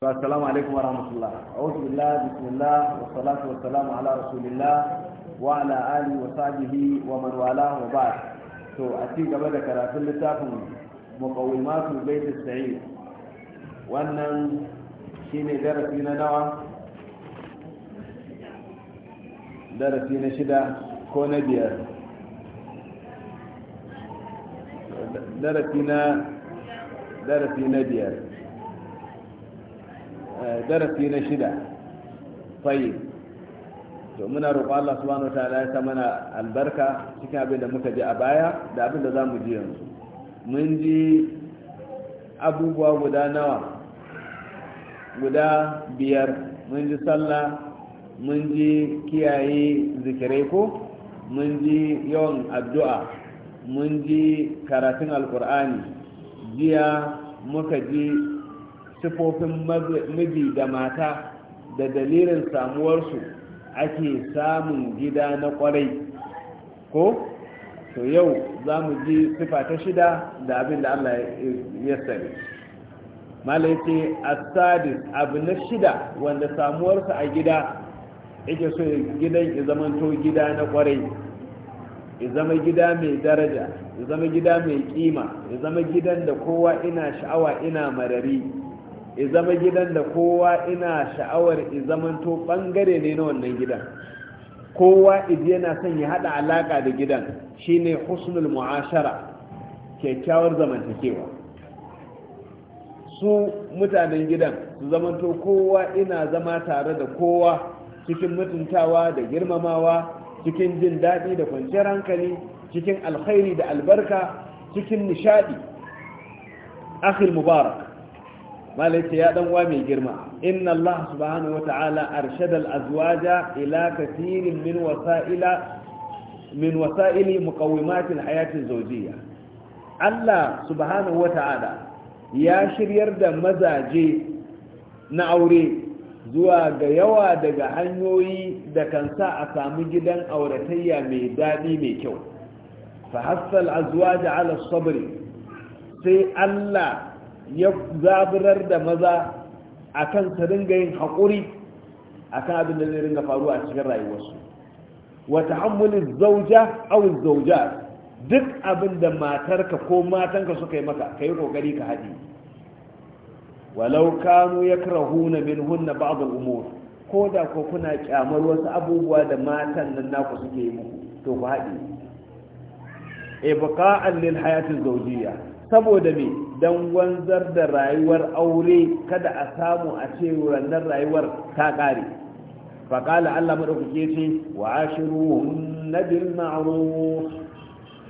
السلام عليكم ورحمة الله أعوذ بالله بسم الله والصلاة والسلام على رسول الله وعلى آله وصحبه ومن والاه وبعد to a ci gaba da karatun littafin muqawwimatul bait as-sa'id wannan shine darasi na nawa darasi na shida ko darasi na biyar darasi na shida fayi to muna roƙo Allah subhanahu wa ta'ala ya sa mana albarka cikin abin da muka ji a baya da abin da za mu ji yanzu mun ji abubuwa guda nawa guda biyar mun ji sallah mun ji kiyaye zikirai ko mun ji yawan addu'a mun ji karatun alkur'ani jiya muka ji sifofin miji da mata da dalilin samuwarsu ake samun gida na kwarai ko to yau za mu ji sifa ta shida da abin da allah ya sani malai ce asadis abu na shida wanda samuwarsa a gida yake so gidan ya zamanto gida na kwarai ya zama gida mai daraja ya zama gida mai kima ya zama gidan da kowa ina sha'awa ina marari i zama gidan da kowa ina sha'awar i zamanto bangare ne na wannan gidan kowa idi yana son ya hada alaka da gidan shine husnul mu'ashara kyakkyawar zamantakewa su mutanen gidan su zamanto kowa ina zama tare da kowa cikin mutuntawa da girmamawa cikin jin daɗi da kwanciyar hankali cikin alkhairi da albarka cikin nishadi akhil mubarak malaita ya dan wa mai girma inna Allah subhanahu wata'ala arshada al-azwaja ila kathirin min wasa'ila min wasa'ili muqawwimat hayatin hayat zawjiyya Allah subhanahu wata'ala ya shiryar da mazaje na aure zuwa ga yawa daga hanyoyi da kan sa a samu gidan auratayya mai daɗi mai kyau fa hassal azwaja ala sabri sai Allah ya zaburar da maza akan kan ringa yin haƙuri a kan abin da zai ringa faruwa a cikin rayuwarsu wata hamulin zauja aw zauja duk abin da matarka ko matanka suka yi maka ka yi ƙoƙari ka haɗi walau kanu min hunna ba'd al-umur ko da ko kuna kyamar wasu abubuwa da matan nan naku suke yi muku to ku haɗi ibqa'an lil hayatin zawjiyya saboda me don wanzar da rayuwar aure kada a samu a ce rannan rayuwar ta ƙare faƙala allah maɗaukake ce wa ashiruhun na bil ma'ruf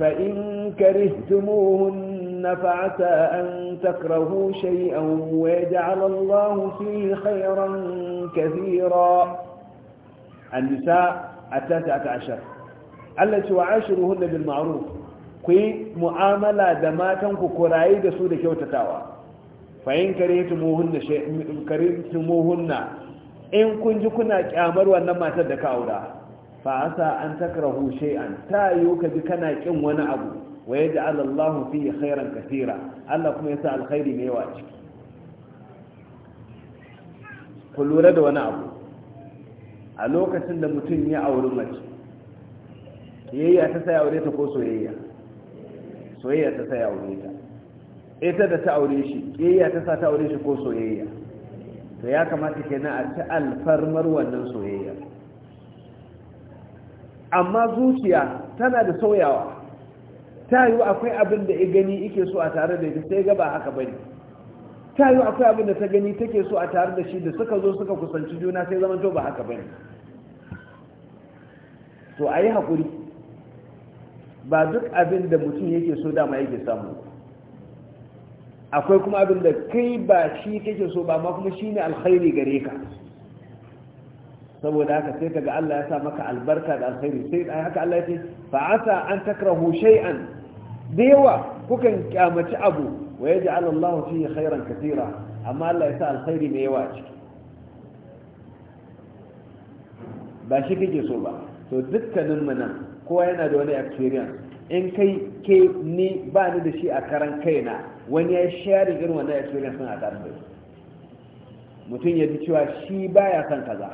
fa in karihtumuhun na fa'ata an takrahu shay'an wa yaj'al allah fi khayran kathira an-nisa at-tas'ata ashar ce wa ashiruhun bil ma'ruf ku yi mu'amala da matan ku ku rayu da su da kyautatawa fa in karintumuhunna in kun ji kuna kyamar wannan matar da ka aura fa asa an takrahu shay'an ta yiwu ka ji kana kin wani abu wa da Allah fi khairan kaseera Allah kuma yasa alkhairi mai yawa ciki ku lura da wani abu a lokacin da mutum ya auri mace yayya ta sai aure ta ko soyayya soyayya ta sa ya aure ta ita da ta aure shi ƙiyayya ta sa ta aure shi ko soyayya to ya kamata kenan a ta alfarmar wannan soyayya amma zuciya tana da sauyawa ta yi akwai abin da ya gani ike so a tare da ita sai gaba haka bane ta yi akwai abin da ta gani take so a tare da shi da suka zo suka kusanci juna sai zama to ba haka bane to a yi haƙuri ba duk abin da mutum yake so dama yake samu akwai kuma abin da kai ba shi kake so ba ma kuma shi ne alkhairi gare ka saboda haka sai ga Allah ya sa maka albarka da alkhairi sai dan haka Allah ya ce fa'asa an takrahu shay'an da yawa kukan kyamaci abu wa yaj'al Allah fihi khairan katira amma Allah ya sa alkhairi mai yawa a ciki ba shi kake so ba to dukkanin mu nan kowa yana da wani experience in kai ke ni ba ni da shi a karan kaina wani ya share irin wannan experience din a mutum ya ji cewa shi ba ya son kaza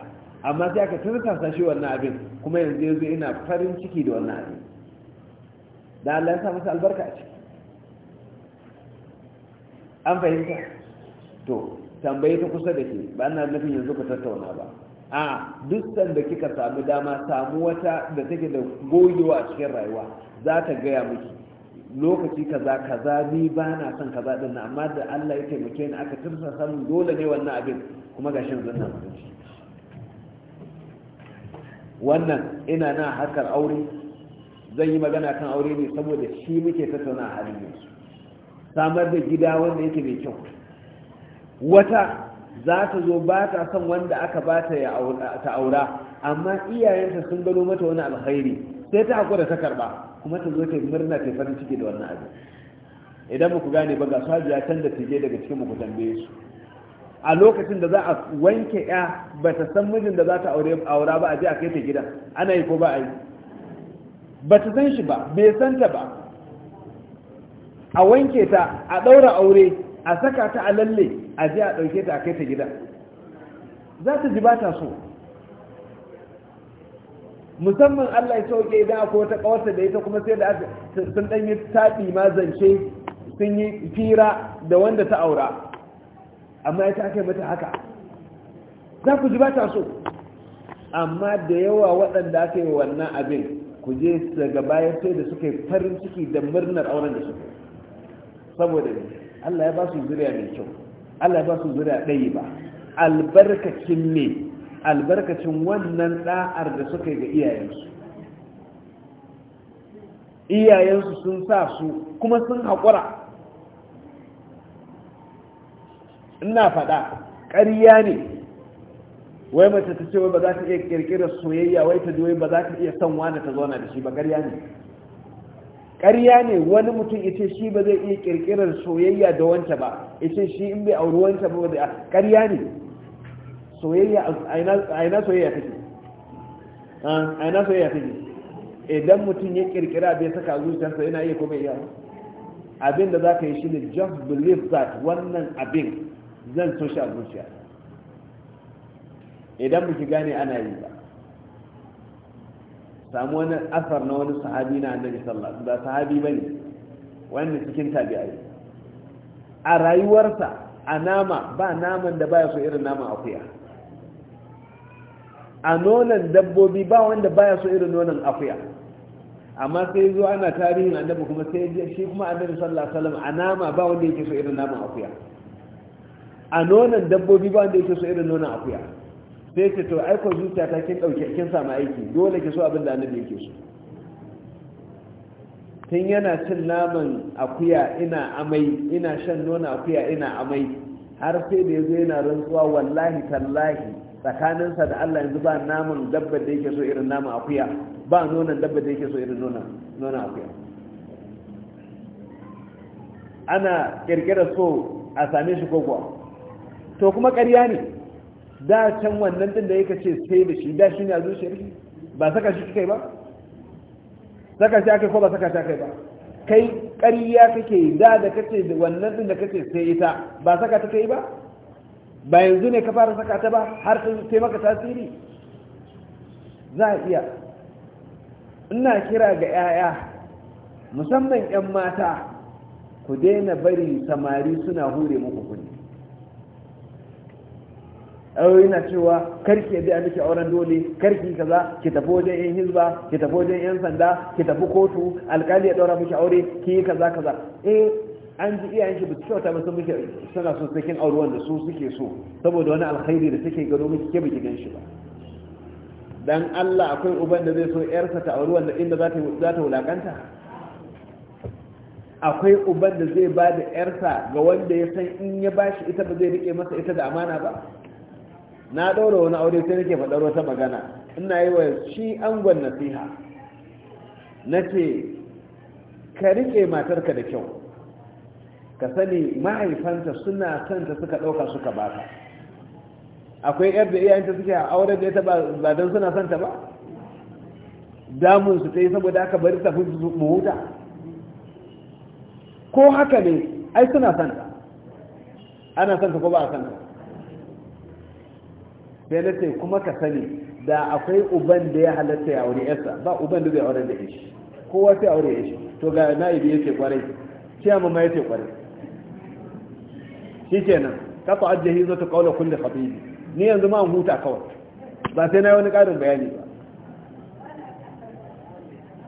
amma sai aka turkasa shi wannan abin kuma yanzu yanzu ina farin ciki da wannan abin da Allah ya sa masa a ciki an fahimta to tambaye ta kusa da ke ba ina nufin yanzu ka tattauna ba a duk sanda kika samu dama samu wata da take da gogewa a cikin rayuwa za ta gaya miki lokaci kaza kaza ni ba na son kaza din amma da Allah ya taimake ni aka tursa samun dole ne wannan abin kuma ga shin zanna mutunci wannan ina na harkar aure zan yi magana kan aure ne saboda shi muke tattauna a halin yanzu samar da gida wanda yake mai kyau wata za ta zo ba ta son wanda aka ba ta ta aura amma iyayenta sun gano mata wani alkhairi sai ta hakura ta karba kuma ta zo ta murna ta farin ciki da wannan abin idan muku gane ba ga sajiya can da tige daga cikin muku tambaye su a lokacin da za a wanke ya ba ta san mijin da za ta aure aura ba a je a kai ta gidan ana yi ko ba a yi ba ta san shi ba bai san ta ba a wanke ta a ɗaura aure a saka ta a lalle a jiya a ɗauke ta a kai ta gida za ta ji ba ta so musamman Allah ya sauke idan akwai wata kawarta da ita kuma sai da sun ɗan yi taɗi ma zance sun yi fira da wanda ta aura amma ya ta mata haka za ku ji ba ta so amma da yawa waɗanda aka yi wannan abin ku je daga baya sai da suka yi farin ciki da murnar auren da suka saboda Allah ya ba su zuriya mai kyau Allah ba su a ɗaya ba albarkacin ne albarkacin wannan ɗa'ar da suka yi ga iyayensu iyayensu sun sa su kuma sun haƙura ina faɗa ƙarya ne wai mace ta ce wai ba za ta iya ƙirƙirar soyayya wai ta wai ba za ta iya son da ta zauna da shi ba ƙarya ne ƙarya ne wani mutum ita shi ba zai iya ƙirƙirar soyayya da wanta ba ita shi in bai auri wanta ba da ƙarya ne soyayya a ina soyayya take a ina soyayya take idan mutum ya ƙirƙira bai saka zuciyarsa yana iya kuma iya abin da za ka yi shi ne just believe that wannan abin zan so shi a zuciya idan muke gane ana yi ba samu wani asar na wani sahabi na annabi sallallahu ba sahabi bane wanda cikin tabi'ai a rayuwarsa a nama ba naman da baya so irin naman akuya a nonon dabbobi ba wanda baya so irin nonon akuya amma sai zuwa ana tarihin annabi kuma sai shi kuma annabi sallallahu alaihi wasallam a nama ba wanda yake so irin naman akuya a nonon dabbobi ba wanda yake so irin nonon akuya sai ce to aiko zuciya ta kin dauke kin samu aiki dole ki so abin da annabi yake so tun yana cin naman akuya ina amai ina shan nono akuya ina amai har sai da yazo yana rantsuwa wallahi tallahi tsakaninsa da Allah yanzu ba naman dabba da yake so irin naman akuya ba nonan dabba da yake so irin nonon akuya ana kirkira so a same shi ko to kuma ƙarya ne da can wannan din da yake ce sai da shi da shi ne a zuciyar shi ba saka shi kai ba saka shi kai ko ba saka shi akai ba kai ƙarya kake da da kace da wannan din da kace sai ita ba saka ta kai ba ba yanzu ne ka fara saka ta ba har sai maka tasiri za a iya ina kira ga 'ya'ya musamman 'yan mata ku daina bari samari suna hure muku kuɗi. ayoyi na cewa karki ya biya miki auren dole karki kaza ki tafi wajen yan hizba ki tafi wajen yan sanda ki tafi kotu alkali ya daura miki aure ki yi kaza kaza eh an ji iyayen shi bisu kyauta ba sun muke suna so kin aure wanda su suke so saboda wani alkhairi da suke gano miki ke biki ganshi shi ba dan Allah akwai uban da zai so yarsa ta aure wanda inda za ta za ta wulakanta akwai uban da zai ba da yarsa ga wanda ya san in ya bashi ita ba zai rike masa ita da amana ba na ɗaura wani aure sai nake faɗar wata magana ina yi wa shi angon nasiha na ce ka riƙe matarka da kyau ka sani mahaifanta suna son ta suka ɗauka suka baka akwai yar da iyayenta suke a auren da ita ba don suna son ta ba damun su ta yi saboda aka bari ta mu huta ko haka ne ai suna son ta ana son ta ko ba a son ta sai na ce kuma ka sani da akwai uban da ya halatta ya aure yasa ba uban da zai aure da shi kowa sai aure ya shi to ga na'ibi yace kwarai ciyama ya yace kwarai shikenan ka fa ajjahi zo ta kaula kulle khabibi ni yanzu ma an huta kawai ba sai na yi wani karin bayani ba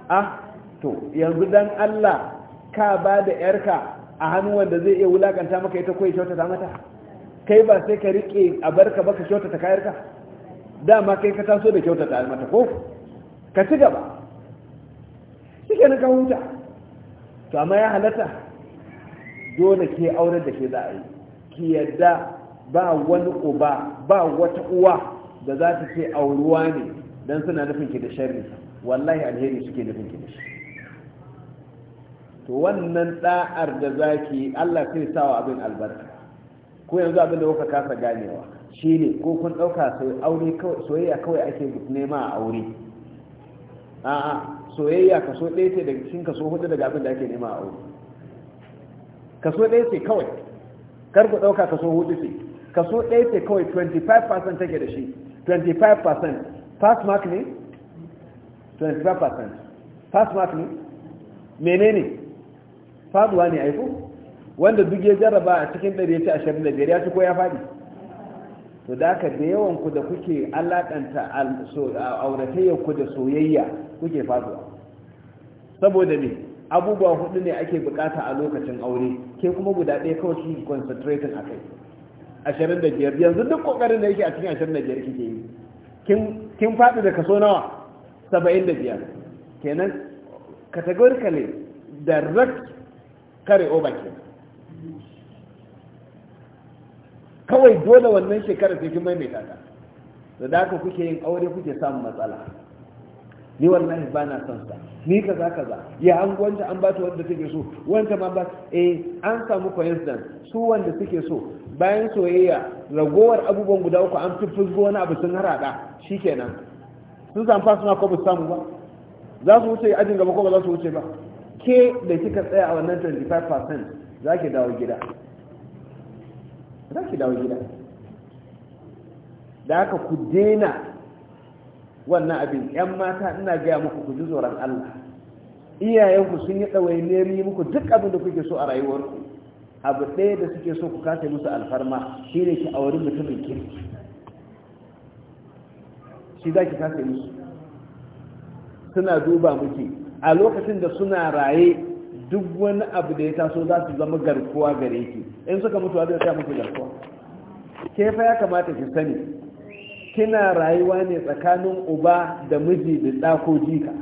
ah to yanzu dan Allah ka ba da yarka a hannu wanda zai iya wulakanta maka ita ko ya kyautata mata kai ba sai ka rike a barka ba ka kyautata kayarka dama kai ka taso da kyautata mata ko ka ci gaba shi kenan ka huta to amma ya halatta dole ke auren da ke za a yi ki yadda ba wani uba ba wata uwa da za ta ce auruwa ne don suna nufin ki da sharri wallahi alheri suke nufin ki da shi to wannan da'ar da zaki Allah sai sawa abin albarka ko yanzu abin da kuka kasa ganewa shine ko kun ɗauka aure soyayya kawai ake nema a aure a'a soyayya kaso ɗaya ce daga cikin kaso hudu daga abin da ake nema a aure kaso ɗaya ce kawai kar ku ɗauka kaso hudu ce kaso ɗaya ce kawai 25% take da shi 25% pass mark ne 25% pass mark ne menene faduwa ne aiko wanda duk ya jarraba a cikin ɗari ya ci ashirin da biyar ya ci ko ya faɗi to da aka da yawan ku da kuke alaƙanta auratayya ku da soyayya kuke faduwa saboda ne abubuwa hudu ne ake bukata a lokacin aure ke kuma guda ɗaya kawai ki concentrating a kai Ashirin da biyar, yanzu duk ƙoƙarin da yake a cikin ashirin da biyar kike yi kin faɗi da kaso nawa Saba'in da biyar. kenan categorically direct carry over kenan kawai dole wannan shekara sai kin maimaita ta da da haka kuke yin aure kuke samun matsala ni wallahi ba na son sa ni kaza kaza ya an gwanta an ba ta wanda take so wanda ma ba eh an samu coincidence su wanda suke so bayan soyayya ragowar abubuwan guda uku an fiffizgo wani abu sun harada shikenan sun zamfa suna ko samu ba za su wuce ajin gaba ko ba za su wuce ba ke da kika tsaya a wannan 25% za ki dawo gida za ki dawo gida da haka ku dena wannan abin 'yan mata ina gaya muku ku ji tsoron Allah iyayenku sun yi ɗawainiyar muku duk abin da kuke so a rayuwarku abu ɗaya da suke so ku kasa musu alfarma shi ne ki auri mutumin kirki shi za ki kasa musu suna duba muke a lokacin da suna raye duk wani abu da ya taso za su zama garkuwa gare ki in suka mutu zai ta muku garkuwa ke fa ya kamata ki sani kina rayuwa ne tsakanin uba da miji da ɗa ko jika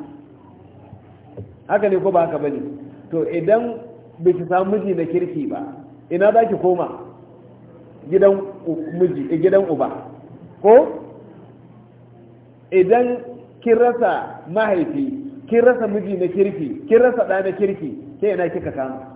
haka ne ko ba haka bane to idan bai ki samu miji na kirki ba ina za ki koma gidan miji eh, gidan uba ko idan kin rasa mahaifi kin rasa miji na kirki kin rasa ɗa na kirki ke yana kika kama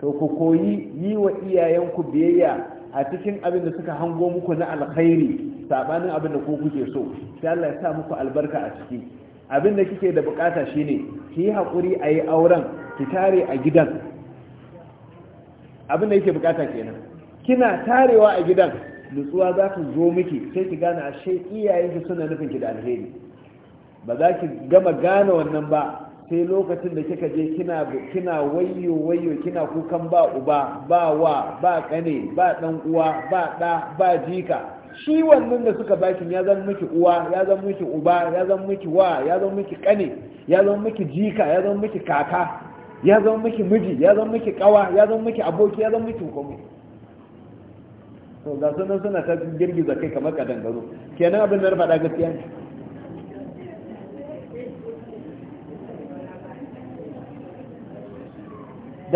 to ku koyi yi wa iyayenku biyayya a cikin abin da suka hango muku na alkhairi sabanin abin da ku kuke so sai Allah ya sa muku albarka a ciki abin da kike da bukata shine ki yi hakuri a yi auren ki tare a gidan abin da yake bukata kenan kina tarewa a gidan nutsuwa za ku zo miki sai ki gane ashe iyayenki suna nufin ki da alheri ba za ki gama gane wannan ba sai lokacin da kika je kina kina wayo wayo kina kukan ba uba ba wa ba kane ba dan uwa ba da ba jika shi wannan da suka baki ya zan miki uwa ya zan miki uba ya zan miki wa ya zan miki kane ya zan miki jika ya zan miki kaka ya zan miki miji ya zan miki kawa ya zan miki aboki ya zan miki komai to ga sunan suna ta girgiza kai kamar kadan gazo kenan abin da na faɗa gaskiya ne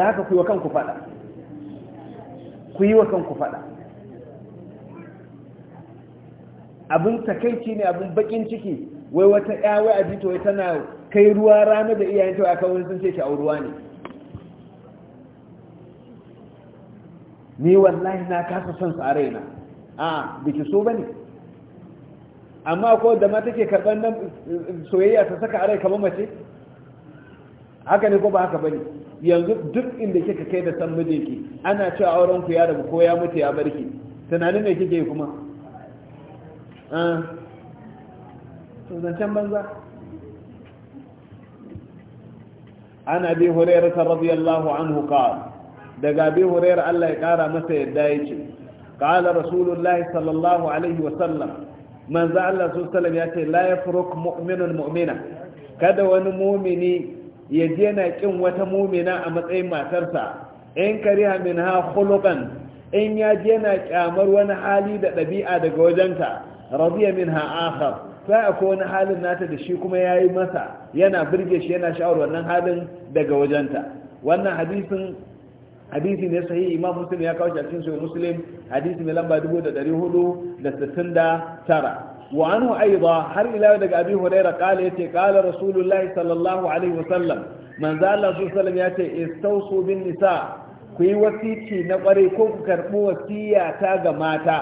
da haka ku yi wa kanku fada ku yi wa kanku fada abin takaici ne abin bakin ciki wai wata wai a jito tana kai ruwa rana da iyayen ta aka wani sun ce shi auruwa ne ni wallahi na kasa son su a raina a biki so ba ne. amma ko da ma take karban nan eh, soyayya ta saka a rai kamar mace haka ne ko ba haka bane yanzu duk inda kika kai da san mijinki ana cewa auren ku ya rabu ko ya mutu ya barki tunanin me kike kuma ah to zancen banza an abi hurairah radiyallahu anhu qala daga abi hurairah Allah ya kara masa yadda yace qala rasulullahi sallallahu alaihi wa sallam manzo Allah sallallahu alaihi wa sallam yace la yafruq mu'minun mu'mina kada wani mu'mini ya yana kin wata mumina a matsayin matarsa in kariha min ha khuluqan in ya ji yana kyamar wani hali da ɗabi'a daga wajenta radiya min ha akhar fa ko wani halin nata da shi kuma yayi masa yana burge shi yana sha'awar wannan halin daga wajenta wannan hadisin hadisi ne sahi imam muslim ya kawo shi a cikin sahih muslim hadisi mai lamba 4469 wa anhu aiba har ila daga abi hurairah kala yace kala rasulullahi sallallahu alaihi wasallam manzo Allah sallallahu alaihi wasallam bin nisa ku yi wasici na kware ko ku karbi wasiya ta ga mata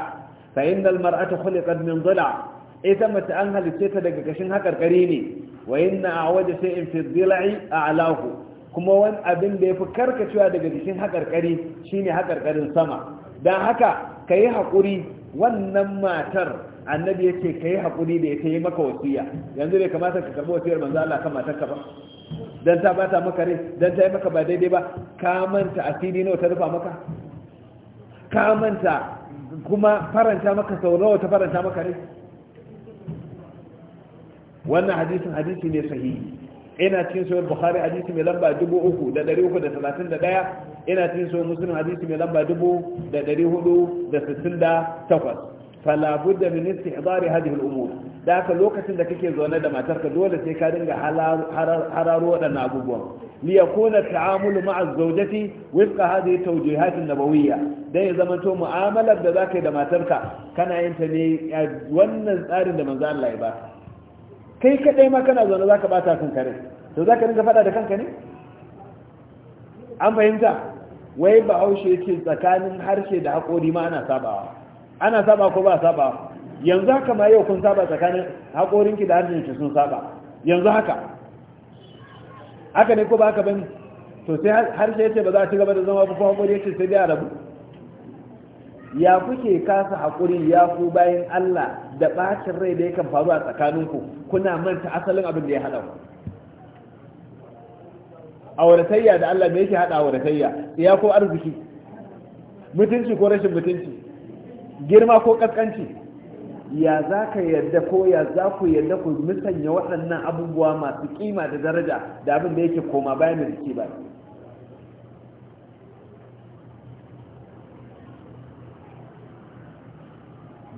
fa innal mar'ata khuliqat min dhila ita mace an halice ta daga kashin hakarkari ne wa inna a'wada shay'in fi dhila'i a'lahu kuma wani abin da yafi karkacewa daga jikin hakarkari shine hakarkarin sama dan haka ka yi haƙuri wannan matar annabi ya ce ka yi haƙuri da ya ta yi maka wasiya yanzu bai kamata ka karɓi wasiyar manzo Allah kan matarka ba dan ta bata maka rai dan ta yi maka ba daidai ba ka manta asiri nawa ta rufa maka ka manta kuma faranta maka sau nawa ta faranta maka rai wannan hadisin hadisi ne sahihi ina cikin sahih bukhari hadisi mai lamba 3331 ina cikin sahih muslim hadisi mai lamba 4468 fala budda min istihdari hadhihi al-umur da haka lokacin da kake zaune da matarka dole sai ka dinga hararo waɗannan abubuwan li yakuna ta'amulu ma'a zawjati wifqa hadhihi tawjihat an-nabawiyya dan ya zama to mu'amalar da zaka yi da matarka kana yin ta ne wannan tsarin da manzo Allah ya ba? kai kadai ma kana zaune zaka bata kanka ne to zaka dinga fada da kanka ne an fahimta wai ba haushe ce tsakanin harshe da haƙori ma ana sabawa ana saba ko ba saba yanzu haka ma yau kun saba tsakanin haƙorinki da harshenki sun saba yanzu haka haka ne ko ba haka bane to sai sai yace ba za a ci gaba da zama ba ko haƙori yace sai dai a rabu ya kuke kasa haƙuri ya ku bayan Allah da bacin rai da yakan faru a tsakaninku kuna manta asalin abin da ya haɗa ku auratayya da Allah me yake haɗa auratayya ya ko arziki mutunci ko rashin mutunci girma ko kaskanci ya za ka yarda ko ya za ku yarda ku musanya waɗannan abubuwa masu kima da daraja da abin da yake koma bayan da ba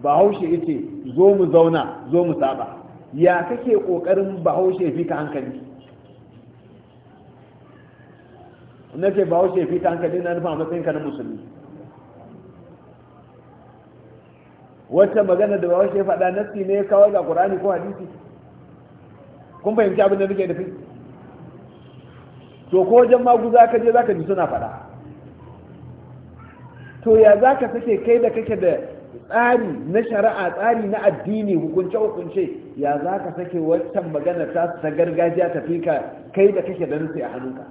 bahaushe ce zo mu zauna zo mu saba ya kake kokarin bahaushe fi ka hankali na ce bahaushe fi ka hankali na nufin matsayin ka na musulmi wata magana da bawa shi faɗa nassi ne ya kawo ga qur'ani ko hadisi kun fahimci abin da nake nufi to ko wajen za ka je za ka ji suna faɗa to ya za ka sake kai da kake da tsari na shari'a tsari na addini hukunce hukunce ya za ka sake wancan magana ta ta gargajiya ta fi ka kai da kake da nufi a hannunka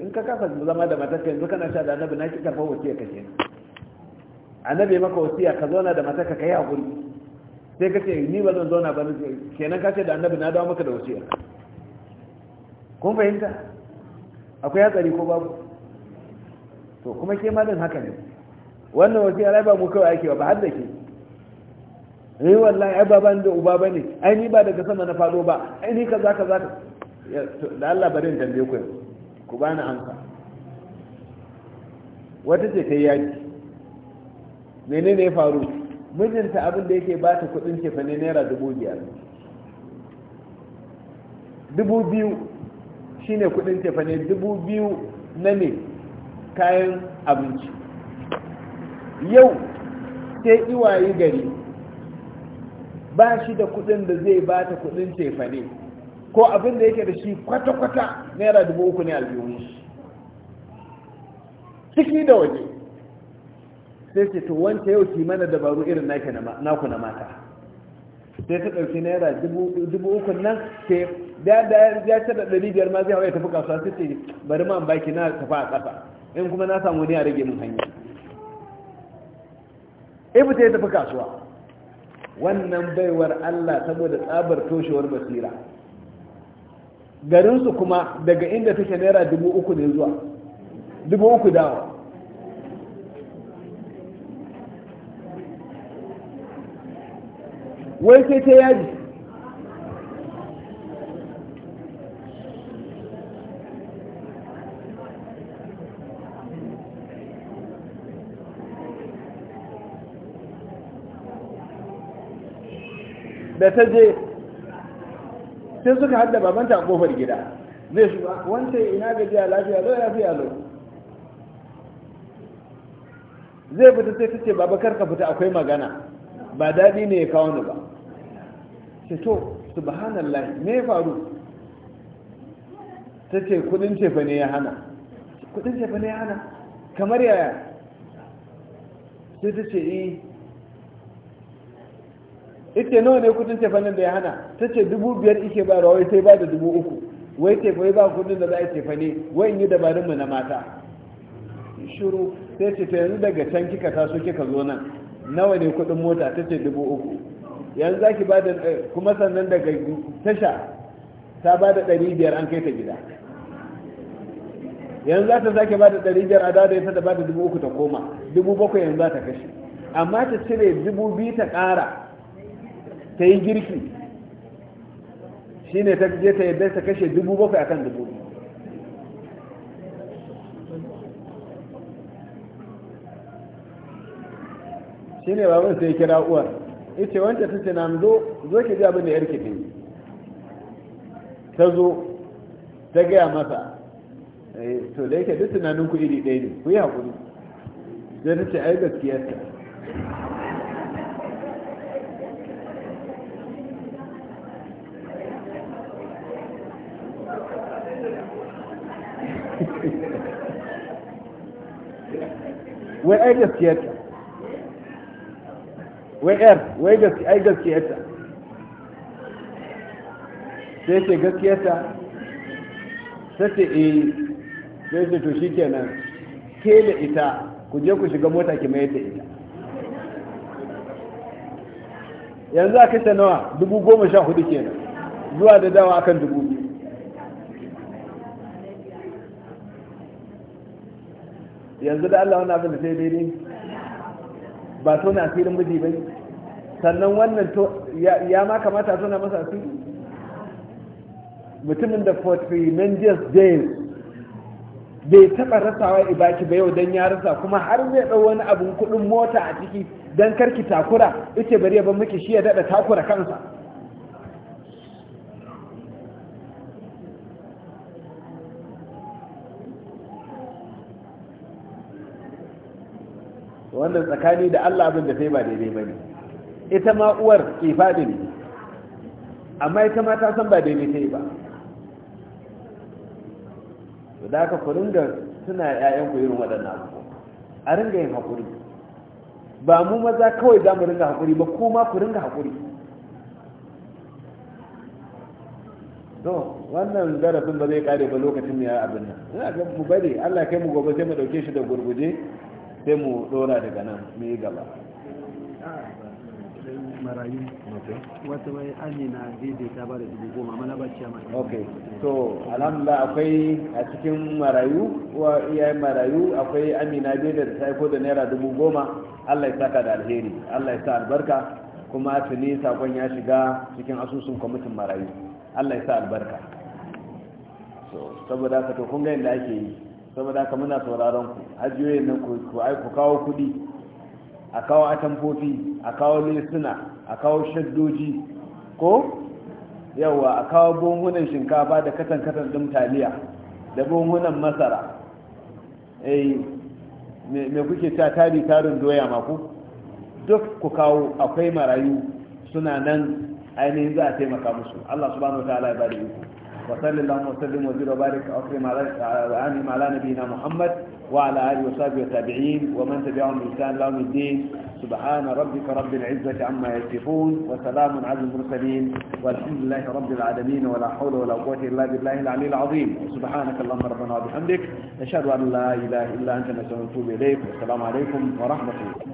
in ka kasa zama da matakka yanzu kana sha da annabi na ki karfa wace ka kenan annabi maka wasiya ka zauna da mataka ka yi haƙuri sai ka ce ni ba zan zauna ba kenan ka ce da annabi na dawo maka da wasiya kun fahimta akwai hatsari ko babu to kuma ke ma din haka ne wannan wasiya rai ba mu kawai ake ba har da ke ni eh, wallahi ai baban da uba bane ai ni ba daga sama na fado ba ai ni kaza kaza da Allah bari in tambaye ku ku bani amsa wata ce kai yaki menene ya faru mijinta abin da yake ta kudin cefa ne naira dubu biyar dubu biyu ne kudin cefa ne dubu biyu na ne kayan abinci yau sai iwaye gari ba shi da kudin da zai bata kudin cefa ne ko abin da yake da shi kwata-kwata naira dubu uku ne aljihun ciki da waje sai ce to wanta yau ki mana dabaru irin naki naku na mata sai ta ɗauki naira dubu uku nan sai da ya ce da ɗari biyar ma zai hawaye ya tafi kasuwa sai ce bari ma baki na tafi a kasa in kuma na samu ne a rage min hanya ibu ta tafi kasuwa wannan baiwar Allah saboda tsabar toshewar basira garinsu kuma daga inda take naira dubu uku ne zuwa dubu uku dawa wai sai ta yaji da ta je sai suka hada babanta a kofar gida zai shi wanda ina gajiya lafiya ya lafiya zo zai fita sai ta ce baba ka fita akwai magana ba daɗi ne ya kawo ni ba ce to subhanallah me ya faru ta ce kudin cefa ne ya hana kudin cefa ne ya hana kamar yaya sai ta ce yi. Eh. ita nawa ne kudin cefa nan da ya hana ta ce dubu biyar ike ba rawai sai ba da dubu uku wai cefa ba kudin da za a cefa ne wai in yi dabarun mu na mata shiru sai ce ta yanzu daga can kika taso kika zo nan nawa ne kudin mota ta ce dubu uku yanzu za ki ba da eh, kuma sannan daga tasha ta ba da ɗari biyar an kai ta gida yanzu za ta ki ba da ɗari biyar a dada ta da ba da dubu uku ta koma dubu bakwai yanzu za ta kashe amma ta cire dubu biyu ta ƙara ta yi girki shi ne ta je ta yadda ta kashe dubu bakwai akan dubu shi ne baban sai kira uwar ita wancan ta ce na zo zo ki ji abin da yarki ta yi ta zo ta gaya masa eh, to da yake duk tunanin ku iri ɗaya ne ku yi haƙuri sai ta ce ai gaskiyarta wai ai gaskiyarta wai yar wai gaske ai gaskiyarta sai ce gaskiyarta ta ce eh sai ce to shikenan ke da ita ku je ku shiga mota ki mayar da ita yanzu a kashe nawa dubu goma sha hudu kenan zuwa da dawa akan dubu biyu yanzu da Allah wani abin da sai daidai ba na asirin miji ba sannan wannan ya ma kamata a tona masa asiri mutumin da 49 years jail bai taɓa rasawa ibaki ba yau don ya rasa kuma har zai ɗau wani abin kuɗin mota a ciki don karki takura ita bari ya ban miki shi ya daɗa takura kansa wannan tsakani da Allah abin da sai ba daidai ba ne ita ma uwar kifadi ne amma ita ma ta san ba daidai ta yi ba to da aka kurin da suna yayan ku irin waɗannan abubuwa a ringa yin haƙuri ba mu maza kawai za mu ringa haƙuri ba ko ma ku ringa haƙuri to wannan zarafin ba zai kare ba lokacin ya abin nan ina ga mu bari Allah kai mu gobe sai mu dauke shi da gurguje sai mu dora daga nan mu yi gaba marayu wata mai amina daidai ta ba da dubu goma mana ba ciya mai ok to alhamdulillah akwai a cikin marayu wa iyayen marayu akwai amina daidai da ta aiko da naira dubu goma allah ya saka da alheri allah ya sa albarka kuma tuni sakon ya shiga cikin asusun kwamitin marayu allah ya sa albarka saboda haka to kun ga yadda ake yi saboda haka muna sauraron ku ajiyoyin nan ku ai ku kawo kudi a kawo atamfofi a kawo lesuna a kawo shaddoji ko yawa a kawo buhunan shinkafa da katan katan din taliya da buhunan masara eh me kuke ta tari tarin doya ku duk ku kawo akwai marayu suna nan ainihin za a taimaka musu Allah subhanahu wa ta'ala ya bada iko وصلى اللهم وسلم وزير وبارك واكرم وانعم على نبينا محمد وعلى اله وصحبه والتابعين ومن تبعهم بإحسان لهم الدين سبحان ربك رب العزه عما يصفون وسلام على المرسلين والحمد لله رب العالمين ولا حول ولا قوه الا بالله العلي العظيم سبحانك اللهم ربنا وبحمدك نشهد ان لا اله الا انت نستغفرك ونتوب اليك والسلام عليكم ورحمه الله